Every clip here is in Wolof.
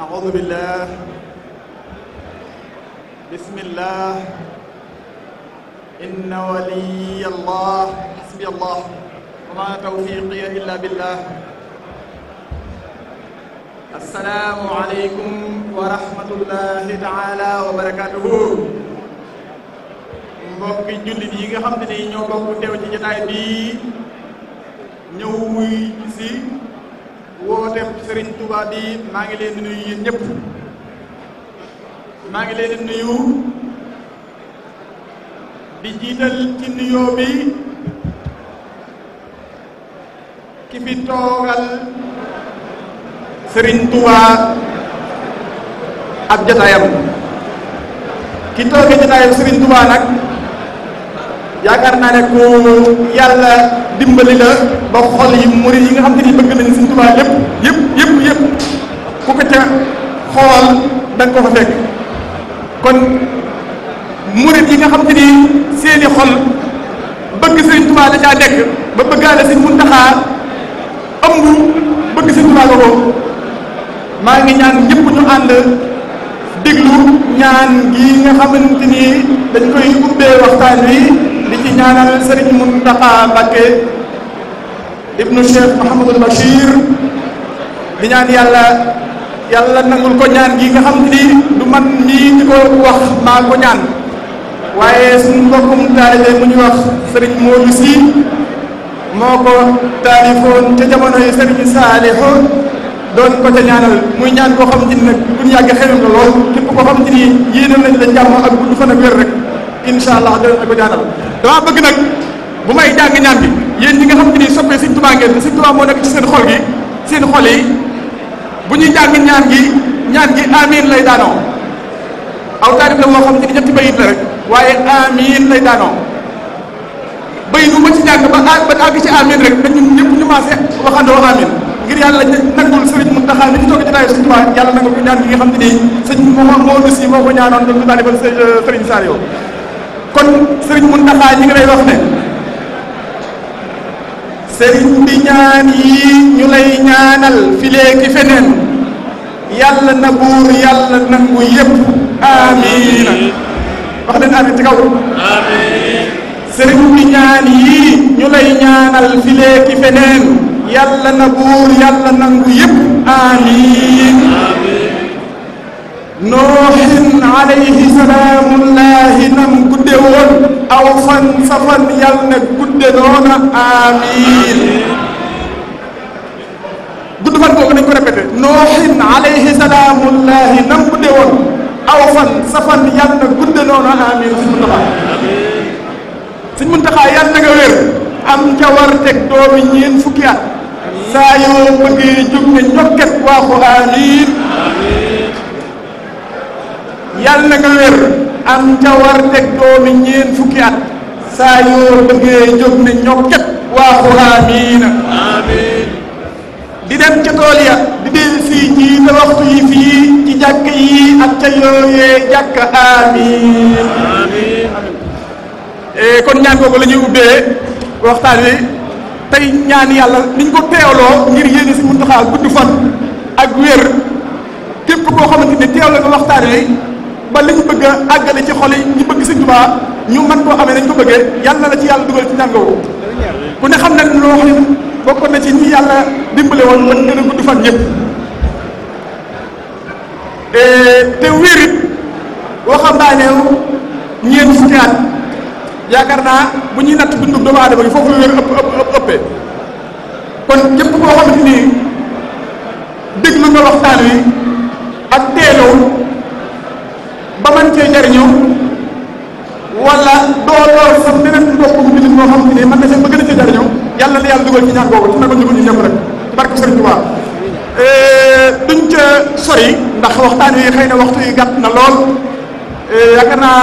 أعوذ بالله بسم الله إن ولي الله حسبي الله وما توفيقي إلا بالله السلام عليكم ورحمة الله تعالى وبركاته mbokki jullit yi nga xam ne ñoo bokk teew ci jotaay bi ñëw wuy si wooteeb Serigne Touba bi maa ngi leen di nuyu yéen maa ngi leen di nuyu jiital ci nuyoo bi ki fi toogal Serigne Touba ak jotaayam ki tooge jotaayam Serigne Touba nag. yaakaar naa ne ku yàlla dimbali la ba xol yi murid yi nga xam te ni bëgg nañu Sëriñ Tuubaa yëpp yëpp yëpp ku ko ca xool da ko fa fekk kon murid yi nga xam te ni seeni xol bëgg Sëriñ Tuubaa la caa nekk ba bëggaale Sëriñ Muntaxa ëmb bëgg Sëriñ Tuubaa la ko maa ngi ñaan ñëpp ñu ànd déglu ñaan gi nga xamante ni dañ koy ubbee waxtaan wi ñaanal Serigne Mountakha Mbacké ibnu Cheikh Mouhamadul Bachir di ñaan yàlla yàlla nangul ko ñaan gi nga xam ni du man mii di ko wax maa ko ñaan waaye suñu mbokkum taalibe mu ñu wax Serigne Modou Sy moo ko taalifoon ca jamonoy Serigne Salihu doon ko ca ñaanal muy ñaan koo xam ci nag bu ñu yàgg xelal lool képp koo xam ci ni yéenal nañ la jàmm ak gudd fa ak wér rek. incha allah dina ko ñaanal damaa bëgg nag bu may jàng ñaan bi yéen ñi nga xam te ni soppee Sëñ Tuubaa ngeen te Sëñ Tuubaa moo nekk ci seen xol gi seen xol yi bu ñuy jàng ñaan gi ñaan gi amiin lay daanoo aw taarif la moo xam te ni ñetti bayit la rek waaye amiin lay daanoo bayit bu ma ci jàng ba ba àgg ci amiin rek dañu ñëpp ñu maase waxandoo amiin ngir yàlla nangul Serigne Mountakha mi ci toog jotaayu Serigne Touba yàlla nangul ko ñaan gi nga xam ne nii sëñ moo moo aussi moo ko ñaanoon ñu ko daal di ba Serigne Saliou kon Serigne Mountakha ñi ngi lay wax ne Serigne bi ñaan yi ñu lay ñaanal fi léegi feneen yàlla na buur yàlla nangu yépp amiina wax leen amiin ci kaw amiin Serigne ñaan yi ñu lay ñaanal fi feneen yàlla na buur yàlla nangu yépp amiin nooxin alayhi salaamullahi nam gudde aw fan safan yal na gudde amiin gudd aw fan safan yal na gudde amiin suñ muntaxaa yal na nga wér am njawar teg doomi ñeen fukki at saa yoo bëggee ñokket waaxu amiin yàlla na nga wér am cawarte doomi ñeen fukki at saa yoo bëggee jóg ne ñokket waaxu amiina di dem ca tool ya di dellu fii ci te waxtu yi fii ci jàkk yi ak ca yooyee jàkk amiin amiin eh, kon ñaan kooku la ñuy ubbee waxtaan wi tey ñaan yàlla niñ ko teewloo ngir yéene si Muntaxa gudd fan ak wér képp koo xamante ne teewla nga waxtaan wi ba li ñu bëgg àggale ci xol yi ñu bëgg sëñ Tuubaa ñu mën koo amee nañ ko bëggee yàlla la ci yàlla dugal ci njàngoo ku ne xam na loo xam ne bokk na ci ñi yàlla dimbale woon mën a gudd fan ñëpp eh, te wér it waxambaaneew ñeent fukki at naa bu ñuy natt dundub doomu aadama gi foofu la ëpp ëpp kon képp koo xamante nii déglu nga waxtaan wi ak teeloo mën cee jariñoo wala doo door sax beneen mbokku bi nit moo xam ne man na seen ba gën a cee jariñoo yàlla na yàlla dugal ci ñaan boobu dina ko dugal ñu rek ci barke Sëriñ Tuubaa eh, duñ ca sori ndax waxtaan wi xëy na waxtu yi gàtt na lool eh, yaakaar naa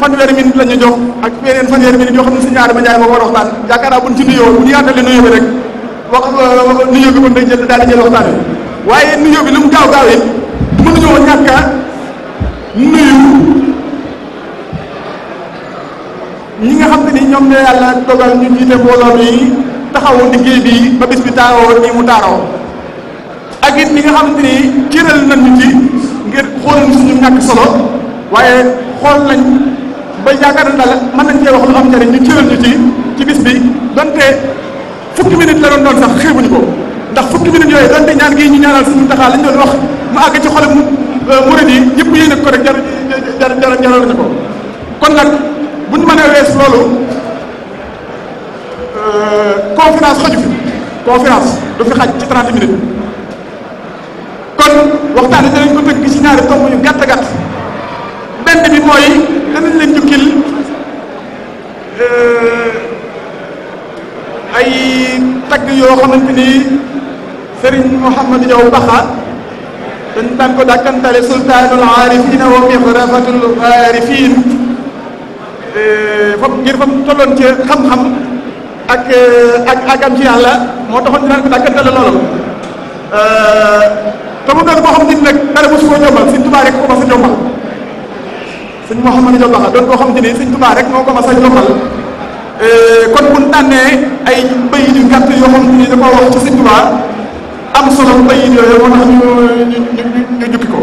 fanweeri minute la ñu jox ak yeneen fanweeri minute yoo xam ne si ñaari ma jaay ma war a waxtaan yaakaar naa buñ ci nuyoo bu ñu yàttalee nuyoo bi rek wax nuyoo bi kon day jël daal di jël waxtaan wi waaye nuyoo bi lu mu gaaw gaaw it mënuñoo ñàkk nuyu ñi nga xam ne ni ñoom ne yàlla dogal ñu jiite mbooloo mi taxawu liggéey bi ba bis bi taaroo nii mu taaroo ak it ñi nga xam ni cëral nañu ci ngir xool suñu ñàkk solo waaye xool nañ ba yaakaar na daal mën nañ cee wax lu am njëriñ ñu cëral ñu ci ci bis bi donte fukki minute la doon doon sax xeebuñu ko ndax fukki minute yooyu donte ñaan gi ñu ñaanal suñu taxaa lañ doon wax mu àgg ci xolam Euh, murid yi ñëpp yéene ko rek jar jar jar jaroon na ko kon nag bu ñu mënee wees loolu euh, conférence xaju fi conférence du fi xaj ci 30 minutes kon waxtaan danañ ko tënk ci ñaari tomb yu gàtt gàtt benn bi mooy danañ leen jukkil euh, ay tagg yoo xamante ni Serigne Mouhamadou Diaw Baxa dañ daan ko dàkkantale sultaanul aarifina wa mixrafatul aarifin e, foofu ngir fa tolloon ci xam-xam ak ak am ci yàlla moo taxoon ñu daan ko dàkkantale loolu e, te doon boo xam nit nag dara mosu koo ko mas a jombal rek moo ko mas a jombal e, kon bu ñu tànnee ay mbéy yu gàtt yoo xam te ni da koo ci Sëñ Tuubaa am solo bayit yooyu moo tax ñu ñu jukki ko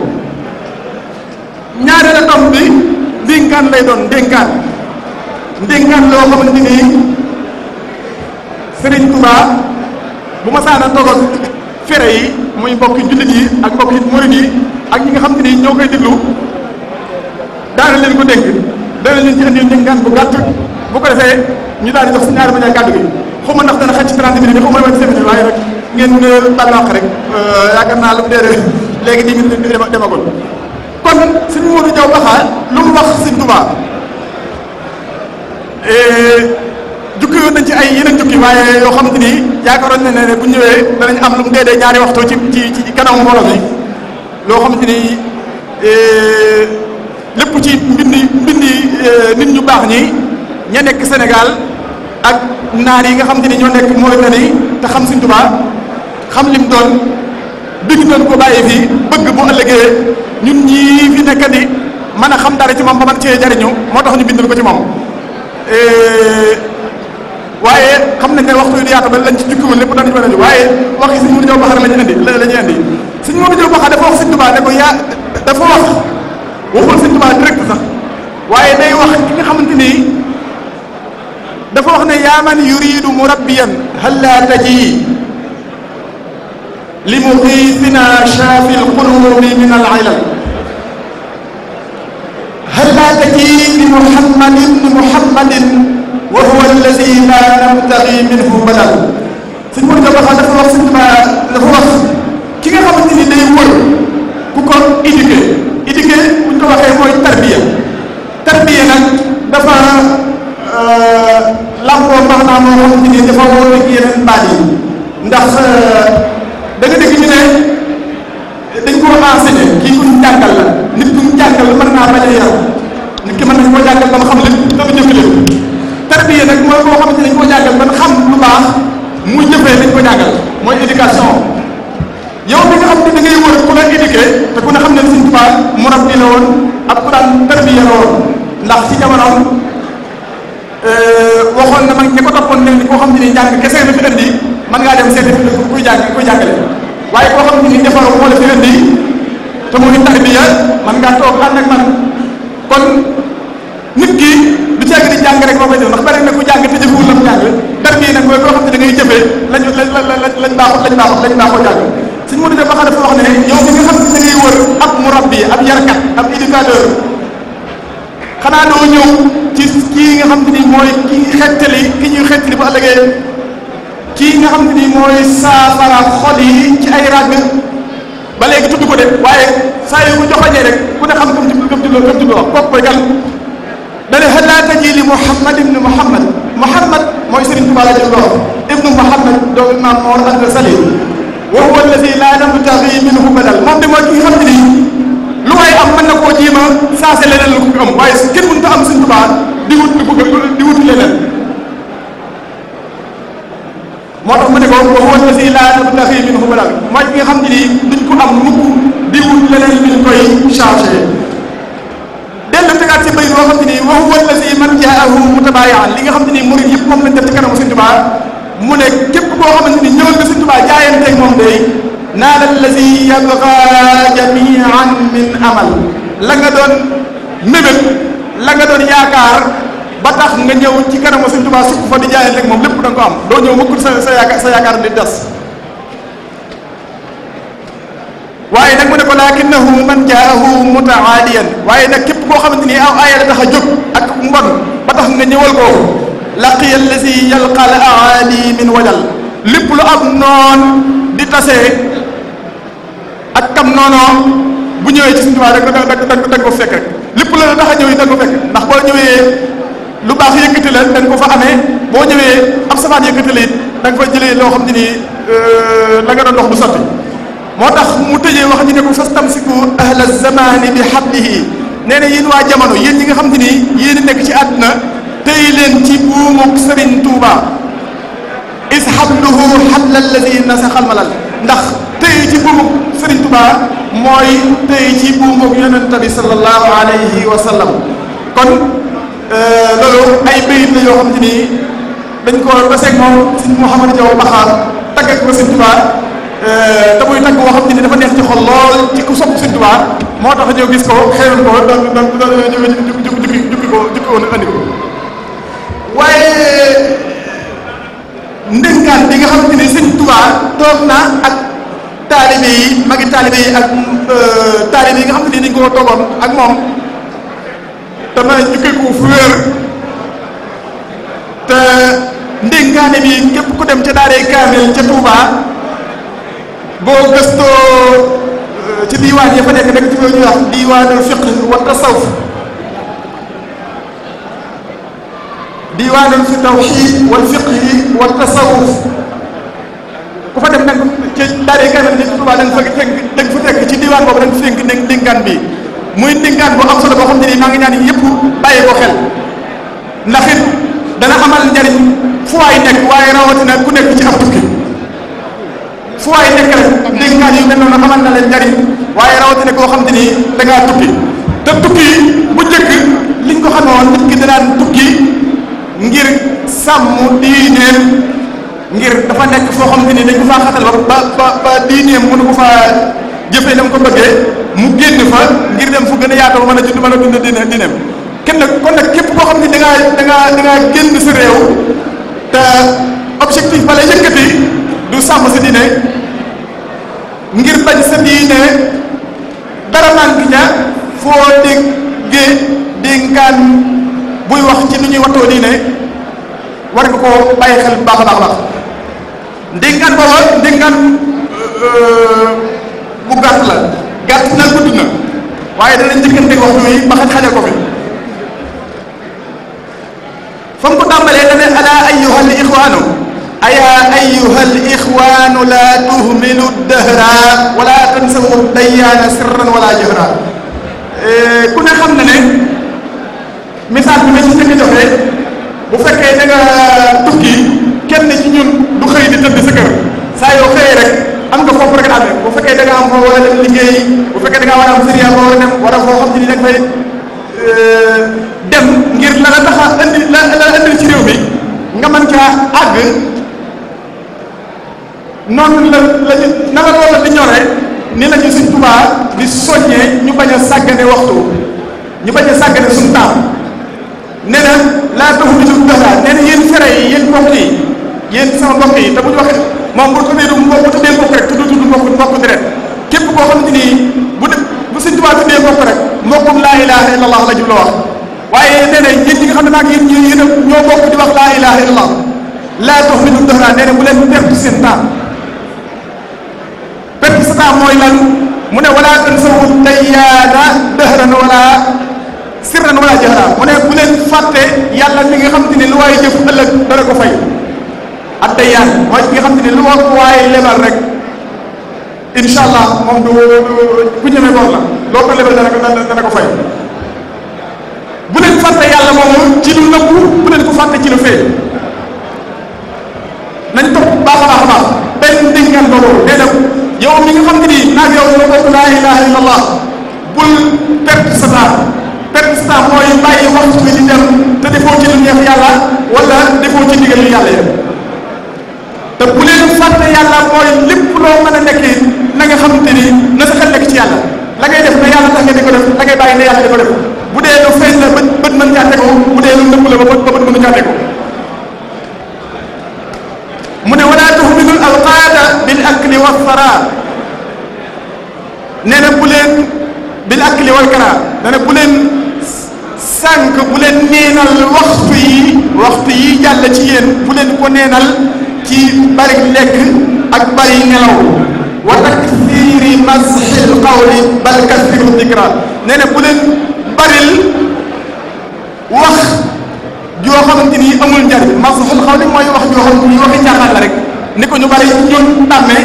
ñaareelu tom bi ndénkaan lay doon ndénkaan ndénkaan loo xamante ni Serigne Touba bu ma saana toog ak fere yi muy mbokki jullit yi ak mbokki murid yi ak ñi nga xam te ni ñoo koy déglu daana leen ko dégg dana leen ci indi ndénkaan bu gàtt bu ko defee ñu daal di jox si ñaari bañ a gàddu gi xaw ma dana xaj ci 30 minutes xaw ma dama ci 7 minutes waaye rek ngeen talaax rek euh, yaakaar naa lu mu dee léegi di ngeen di demagul kon suñu Modou Diaw Daxa lu mu wax Sëñ Tuubaa euh, jukki yoon nañ ci ay yeneen jukki waaye yoo xamante ni yaakaaroon na ne bu ñëwee danañ am lu mu dee ñaari waxtu ci ci ci kanamu mbooloo mi loo xamante ni euh, lépp ci mbindi mbindi nit ñu baax ñi ña nekk Sénégal ak naar yi nga xamante ni ñoo nekk Mauritanie te xam Sëñ Tuubaa xam lim doon digg doon ko bàyyi fii bëgg bu ëllëgee ñun ñii fi nekk di man a xam dara ci moom ba mën cee jariñu moo tax ñu bindal ko ci moom waaye xam ne ne waxtu yu yaatu ba lañ ci jukki woon lépp danañ mën a jóg waaye wax si Mourou Diop Bakhar la ñu indi la ñu indi suñu Mourou Diop Bakhar dafa wax Sëñ Tuubaa ne ko yaa dafa wax waxul Sëñ Tuubaa direct sax waaye day wax ki nga xamante ni dafa wax ne yaa man yuriidu murabbiyan hal laa taji لمغيثنا شافي القلوب من العلل هل تكيد محمد محمد وهو الذي لا نبتغي منه بدل suñ mën nga waxal dafa wax suñ ma dafa wax ki nga xamante ni day wër ku ko éduqué éduqué buñ ko waxee mooy tarbiya tarbiya nag dafa euh, làmboo maanaam moo xamante ni dafa wóor ak yeneen baat yi ndax euh, da nga dégg ñu ne dañ koo enseigné kii ku ñu jàngal la nit ku ñu jàngal mën naa bañ a yar nit ki mën nañ koo jàngal ba mu xam lépp dafa jëfe lépp tarbiya nag mooy koo xamante dañ lu baax muy jëfee dañ ko jàngal mooy éducation yow bi nga xam ne da ngay wër ku la éduqué te ku ne xam ne Sëriñ Tuubaa murabbi la woon ab ku daan tarbiya la ndax ci jamonoom euh, waxoon na mag ñi ko toppoon ne ni koo xam ne ni jàng kese la fi indi mën ngaa dem seeti fi ku kuy jàng kuy jàngale waaye koo xam ne ni defaroo moo la fi indi te mu ngi tarbiya mën ngaa toog ànd ak man kon nit kii du ceeg di jàng rek moo koy def ndax bari na ku jàng te jëfewul la nag mooy koo xam ne da ngay jëfee lañ lañ lañ baaxoo lañ baaxoo lañ baaxoo jàng suñ mënu def baxa dafa wax ne yow mi nga xam ne da ngay wër ab murabbi ab yarkat ab éducateur xanaa doo ñëw ci kii nga xam ne ni mooy ki xettali ki ñuy xettali bu ëllëgee kii nga xam ne nii mooy saafara xol yi ci ay ràgg ba léegi tudd ko de waaye saa yu ko joxoñee rek ku ne xam kam tudd kam tudd kam tudd wax kooku mooy kan dane xalaa tajili muhammad ibnu muhammad muhammad mooy sëriñ Tuubaa la jël loxo ibnu muhammad doomu maam Mor Anta Sali wa huwa alladi laa nabtagi minhu badal moom de mooy ki nga xam ne nii lu waaye am mën na koo jiima saase leneen lu ko am waaye kenn mënut a am sëriñ Tuubaa di wut di wut leneen moo tax mu ne ko wa huwa alladi laa yabtaxi minhu balal mooy ki nga xam ne nii duñ ko am mukk di wut leneen luñ koy changé dellu tegaat ci mbay boo xam ne nii wa huwa alladi man jaahu mutabaayan li nga xam ne nii murid yëpp moom lañ def ci kanamu Sëñ Tuubaa mu ne képp koo xamante ni ñëwal nga Sëñ Tuubaa jaayanteeg moom day naala alladi yabqa jamian min amal la nga doon mébét la nga doon yaakaar ba tax nga ñëw ci kanamu Sëñ Tuubaa sukk fa di jaayante ak moom lépp da nga ko am doo ñëw mukk sa sa yaakaar sa yaakaar waaye nag mu ne ko lakinnahu képp koo xamante ni aw aaya la tax ak mbon ba tax nga ñëwal ko laqiya allazi yalqal aali min wajal lépp lu ab noon di tasee ak kam noonoo bu ñëwee ci Sëñ Tuubaa rek da ko fekk rek lépp la tax ñëw yi da ko fekk ndax boo ñëwee. lu baax yëkkati la da nga ko fa amee boo ñëwee am safaan yëkkati la it da fa jëlee loo xam ne nii euh, la nga doon dox bu sotti moo tax mu tëjee wax ñu ne ko fastamsiku ahla zamani bi hablihi nee na yéen waa jamono yéen ñi nga xam ne nii yéen nekk ci àdduna tey leen ci buumuk Serigne Touba is habluhu habla alladi nasaxal malal ndax tey ci buumuk Serigne Touba mooy tey ci buumuk yonente bi sallallahu alayhi wa sallam Euh, loolu ay bayit la yoo xam te ni dañ ko daseeg moom sëñ Mouhamadou Diaw Baxaar tàggat ko sëñ Tuubaa ko euh, muy tàgg boo xam te ni dafa neex ci xol lool ci ku sopp sëñ Tuubaa moo tax ñëw gis ko xeewal ko doon doon ko waaye ndénkaan bi nga xam te ni sëñ Tuubaa toog na ak taalibe yi magi ak euh, taalibe yi nga xam te ni dañ ko toogoon ak moom tamay jukkiku fu wér te ndénkaane bi képp ku dem ca daaree kaamil ca Touba boo gëstoo euh, ci diiwaan ya fa nekk rek ci loolu ñuy wax diiwaanul fiq wa tasawuf diiwaanul fi tawxiid wal fiq yi wa tasawuf ku fa dem nag ci daaree kaamil ca Touba da nga fa fekk da nga fa fekk ci muy ndingaan bu am solo boo xam ne nii maa ngi ñaan yi yëpp bàyyi ko xel ndax dana amal njariñ fu waay nekk waaye rawatina ku nekk ci ab tukki fu waay nekk rek ndingaan yu amal na njariñ waaye rawatina koo xam ne nii da ngaa tukki te tukki bu njëkk liñ ko xamee woon nit ki tukki ngir sàmm diineem ngir dafa nekk foo xam ne nii faa xatal ba ba ba diineem faa. jëfee la mu ko bëggee mu génn fa ngir dem fu gën a yaatoo mën a dund mën a dund dina dinem kenn kon nag képp koo xam ne da ngaa da génn sa réew te objectif ba la yëkkati du sàmm sa diine ngir bañ sa diine dara manqué ña foo déggee dénkaan buy wax ci nu ñuy wattoo diine war nga koo bàyyi xel baax baax a ndénkaan booba ndénkaan euh, bu gàtt la gàtt na gudd na waaye dana njëkkante waxtu yi ba xaj xajal ko fi fa mu ko tàmbalee dane ala ayyuhal ixwaanu ayaa ayyuhal ixwaanu laa tuhmilu dahra wala tansawu dayyaana sirran wala jahra eh, ku ne xam na ne message bi ma ci njëkk joxe bu fekkee da nga tukki kenn ci ñun du xëy di tëdd sa kër saa yoo xëyee rek am nga foofu rek amee bu fekkee da nga war a dem liggéey bu fekkee da war a am sériya boo war a euh, dem wala ngir la la tax a indi la la indi ci réew mi nga mën caa àgg noonu la la ñu loolu la di ñoree ni la ñu Sëriñ di soññee ñu bañ a sàggane waxtu ñu bañ a sàggane suñu taam nee laa doxu bitu dara nee na yéen fere yi yéen mbokk yi yéen sama mbokk yi te bu ñu moom bu tuddee du mbokk bu tuddee mbokk rek tudd tudd mbokk mbokk deret képp koo xam ne nii bu de bu sëñ Tuubaa tuddee mbokk rek mbokkum laa ilaha illallah la jubloo wax waaye nee na yéen ñi nga xam ne maag yéen ñi yéen ñoo bokk di wax laa ilaha illallah laa tox mi du doxraa nee na bu leen perte seen temps perte sa temps mooy lan mu ne wala tan sawu tayyaana dëhran wala sirran wala jahra mu ne bu leen fàtte yàlla mi nga xam te ne lu waaye jëf ëllëg dara ko fay at day yaatu xam te ne lu ma waaye moom du ku ñeme bor la loo ko lebal dana ko fay. bu leen fàtte yàlla moomu ci lu nëbbu bu leen ko fàtte ci lu feeñ nañ topp baax a baax a baax benn dingaan boobu day dem yow mi nga xam ne nii naag yow dina bokk laa ilaha illa allah bul defoo ci lu yàlla wala te bu leen fàtte yàlla mooy lépp loo mën a nekk na nga xamante ni na sa ci yàlla la ngay def na yàlla tax nga di ko def la ngay bàyyi na yàlla di ko def bu dee lu feeñ la bët bët mën caa tegu bu dee lu nëbb la ba bët ba bët mën caa tegu mu ne wala tuhmilul alqaada bil wa fara nee na bu leen bil akli wal kara nee bu leen sànq bu leen neenal waxtu yi waxtu yi jàll ci yéen bu leen ko neenal ci bari lekk ak bari nelaw wa taksiri masxil qawli bal kasiru dikra nee na bu leen baril wax joo xamante ni amul njariñ masxil qawli mooy wax joo xamante ni waxi caaxaan la rek ni ko ñu bari ñun tàmmee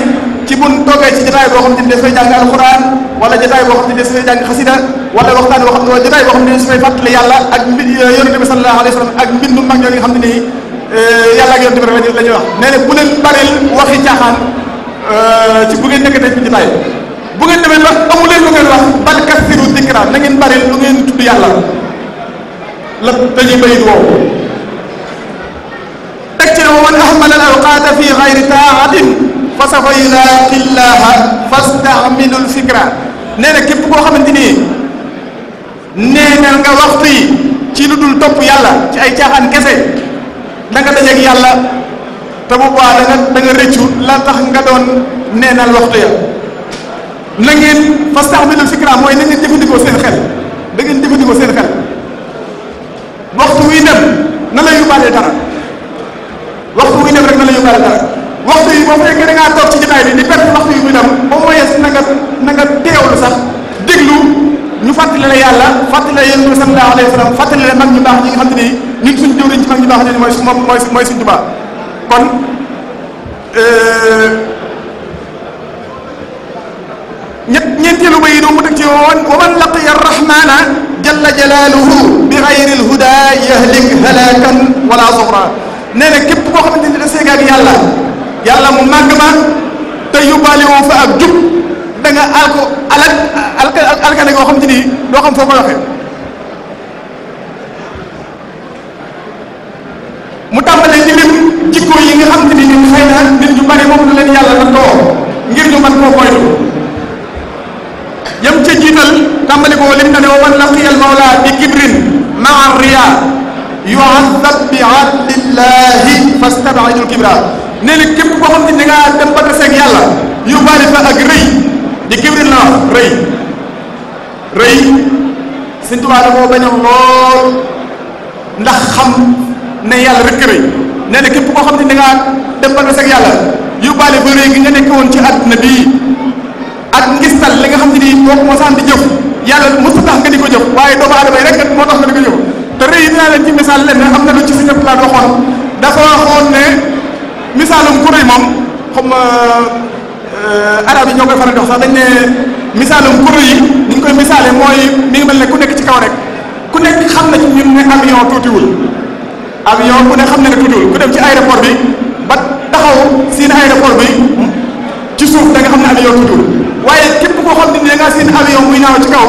ci buñ toogee ci jotaay boo xamante ni dafay jàng alquran wala jotaay boo xamante ni dafay jàng xasida wala waxtaan boo xam ne wala jotaay boo xam ne dafay fàttali yàlla ak mbi yonente bi sallallahu alayhi wa sallam ak mbindu mag ñoo nga xam ne nii Eh, yàlla ak yonent bi la ñuy wax nee na bu leen baril waxi caaxaan euh, ci bu ngeen nekkatee ci jotaay bu ngeen demee wax amu leen lu ngeen wax bal kasiru zikra na ngeen baril lu ngeen tudd yàlla la dañuy bayit woowu teg ci ne wa man ahmala al awqaata fi gayri taatin fa safa yulaaqi llaaha fastaamilul fikra nee na képp koo xamante ni neenal nga waxtu yi ci lu dul topp yàlla ci ay caaxaan kese da nga dajeeg yàlla te bu baax da nga da nga rëccu la tax nga doon neenal waxtu ya na ngeen na fikra mooy na ngeen jëfandikoo seen xel da ngeen jëfandikoo seen xel waxtu wuy dem na la yóbbaale dara waxtu wuy dem rek na la yóbbaale dara waxtu yi boo fekkee da ngaa toog ci jotaay bi di perte waxtu yi muy dem au moins na nga na nga teewlu sax déglu. ñu fàttali la yàlla fàttali la yonent bi sallallahu alayhi wa sallam fàttali la mag ñu baax ñi nga xam te mag ñu baax ñi mooy moom kon euh, ñett ñeenteelu ba yi mu teg ci woon wa man laqiya rahmana jalla jalaaluhu bi xayri lhuda yahlik wala sufra nee na képp koo xamante ni da seeg mu màgg ma te yóbbaale woo fa ak jub da nga aal ko alal alkane goo xam te ni doo xam foo ko waxee mu tàmbalee ci lim jikko yi nga xam te ni ñun xëy na nit ñu bari moom la leen la too ngir ñu mën koo moytu yam ca jiital tàmbali ko lim na ne wa man laqiyal kibrin maa riya yuazab bi adlillahi fastabidul na képp koo xam ne da ngaa dem ba taseeg di kibri la wax rëy rëy Sëñ lool ndax xam ne yàlla rek rëy nee na képp koo xam ne da ngaa dem ba des ak yàlla yóbbaale ba rëy nga nekk woon ci àdduna bii ak ngistal li nga xam ne nii di jëf yàlla mosu tax nga di ko jëf waaye doomu moo tax nga di ko jëf te rëy yi dinaa leen ci misaal lenn am na lu ci suñu plan waxoon dafa waxoon ne misaalum ku rëy moom Euh, arab yi ñoo koy faral di wax sax dañ ne misaalum kuréel yi ni ñu koy misaale mooy mi ngi mel ne ku nekk ci kaw rek ku nekk xam na ci ñun ne avion tuutiwul avion ku ne xam na ne tuutiwul ku dem ci aéroport bi ba taxaw seen aéroport bi ci suuf da nga xam ne avion tuutiwul waaye képp koo xam ne da ngaa seen avion muy naaw ci kaw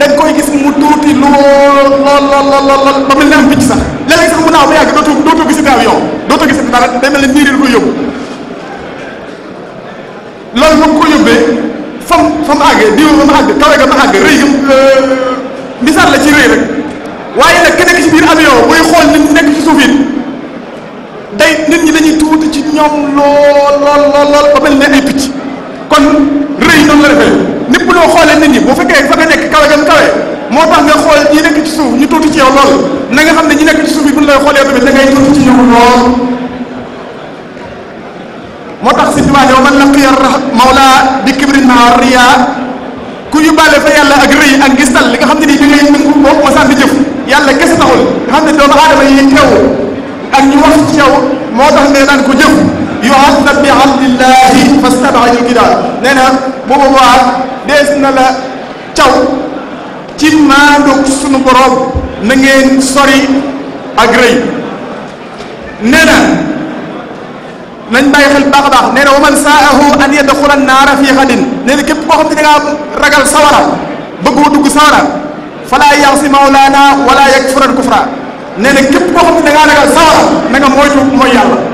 dañ koy gis mu tuuti lool lool lool lool ba mel ne am picc sax léeg-léeg sax mu naaw ba yàgg dootoo dootoo gis avion dootoo gis dara day mel ne niir yi lool moom ko yóbbee fam fam àggee diw ma ma àgg kawe ga ma àgg rëy ga euh, misaal la ci rëy rek waaye nag ki nekk ci biir avion booy xool nit ñi nekk ci suuf it day nit ñi dañuy tuuti ci ñoom lool lool lool lool ba mel ne ay picc kon rëy noonu ñi bu fa nga nekk kawe gam kawe moo tax nga xool ñi nekk ci suuf ñu tuuti ci yow lool na nga ne ñi nekk ci suuf yi tuuti ci ñoom lool moo tax sëñ Tuubaa ne wa man laqiya mawla bi kibrin maa riya ku yóbbaale fa yàlla ak rëy ak li nga xam ne nii da ngay nangu boo ko sant jëf yàlla kese taxul nga xam ne doomu aadama yi teew ak ñu wax ci yow moo tax nee naan ko jëf yu'azzab bi abdillahi fastabaa kidaal nee na bu boobaa dees na la caw ci maandoog sunu borom na ngeen sori ak rëy nee nañ bàyyi xel baax a baax nee na wa man saahu an yadxula naara fii xadin nee na képp koo xam ne da ngaa ragal sawara bëggoo dugg sawara falaa yaxsi mawlaana wala yakfuran kufra nee na képp koo xam ne da ngaa ragal sawara na nga moytu mooy yàlla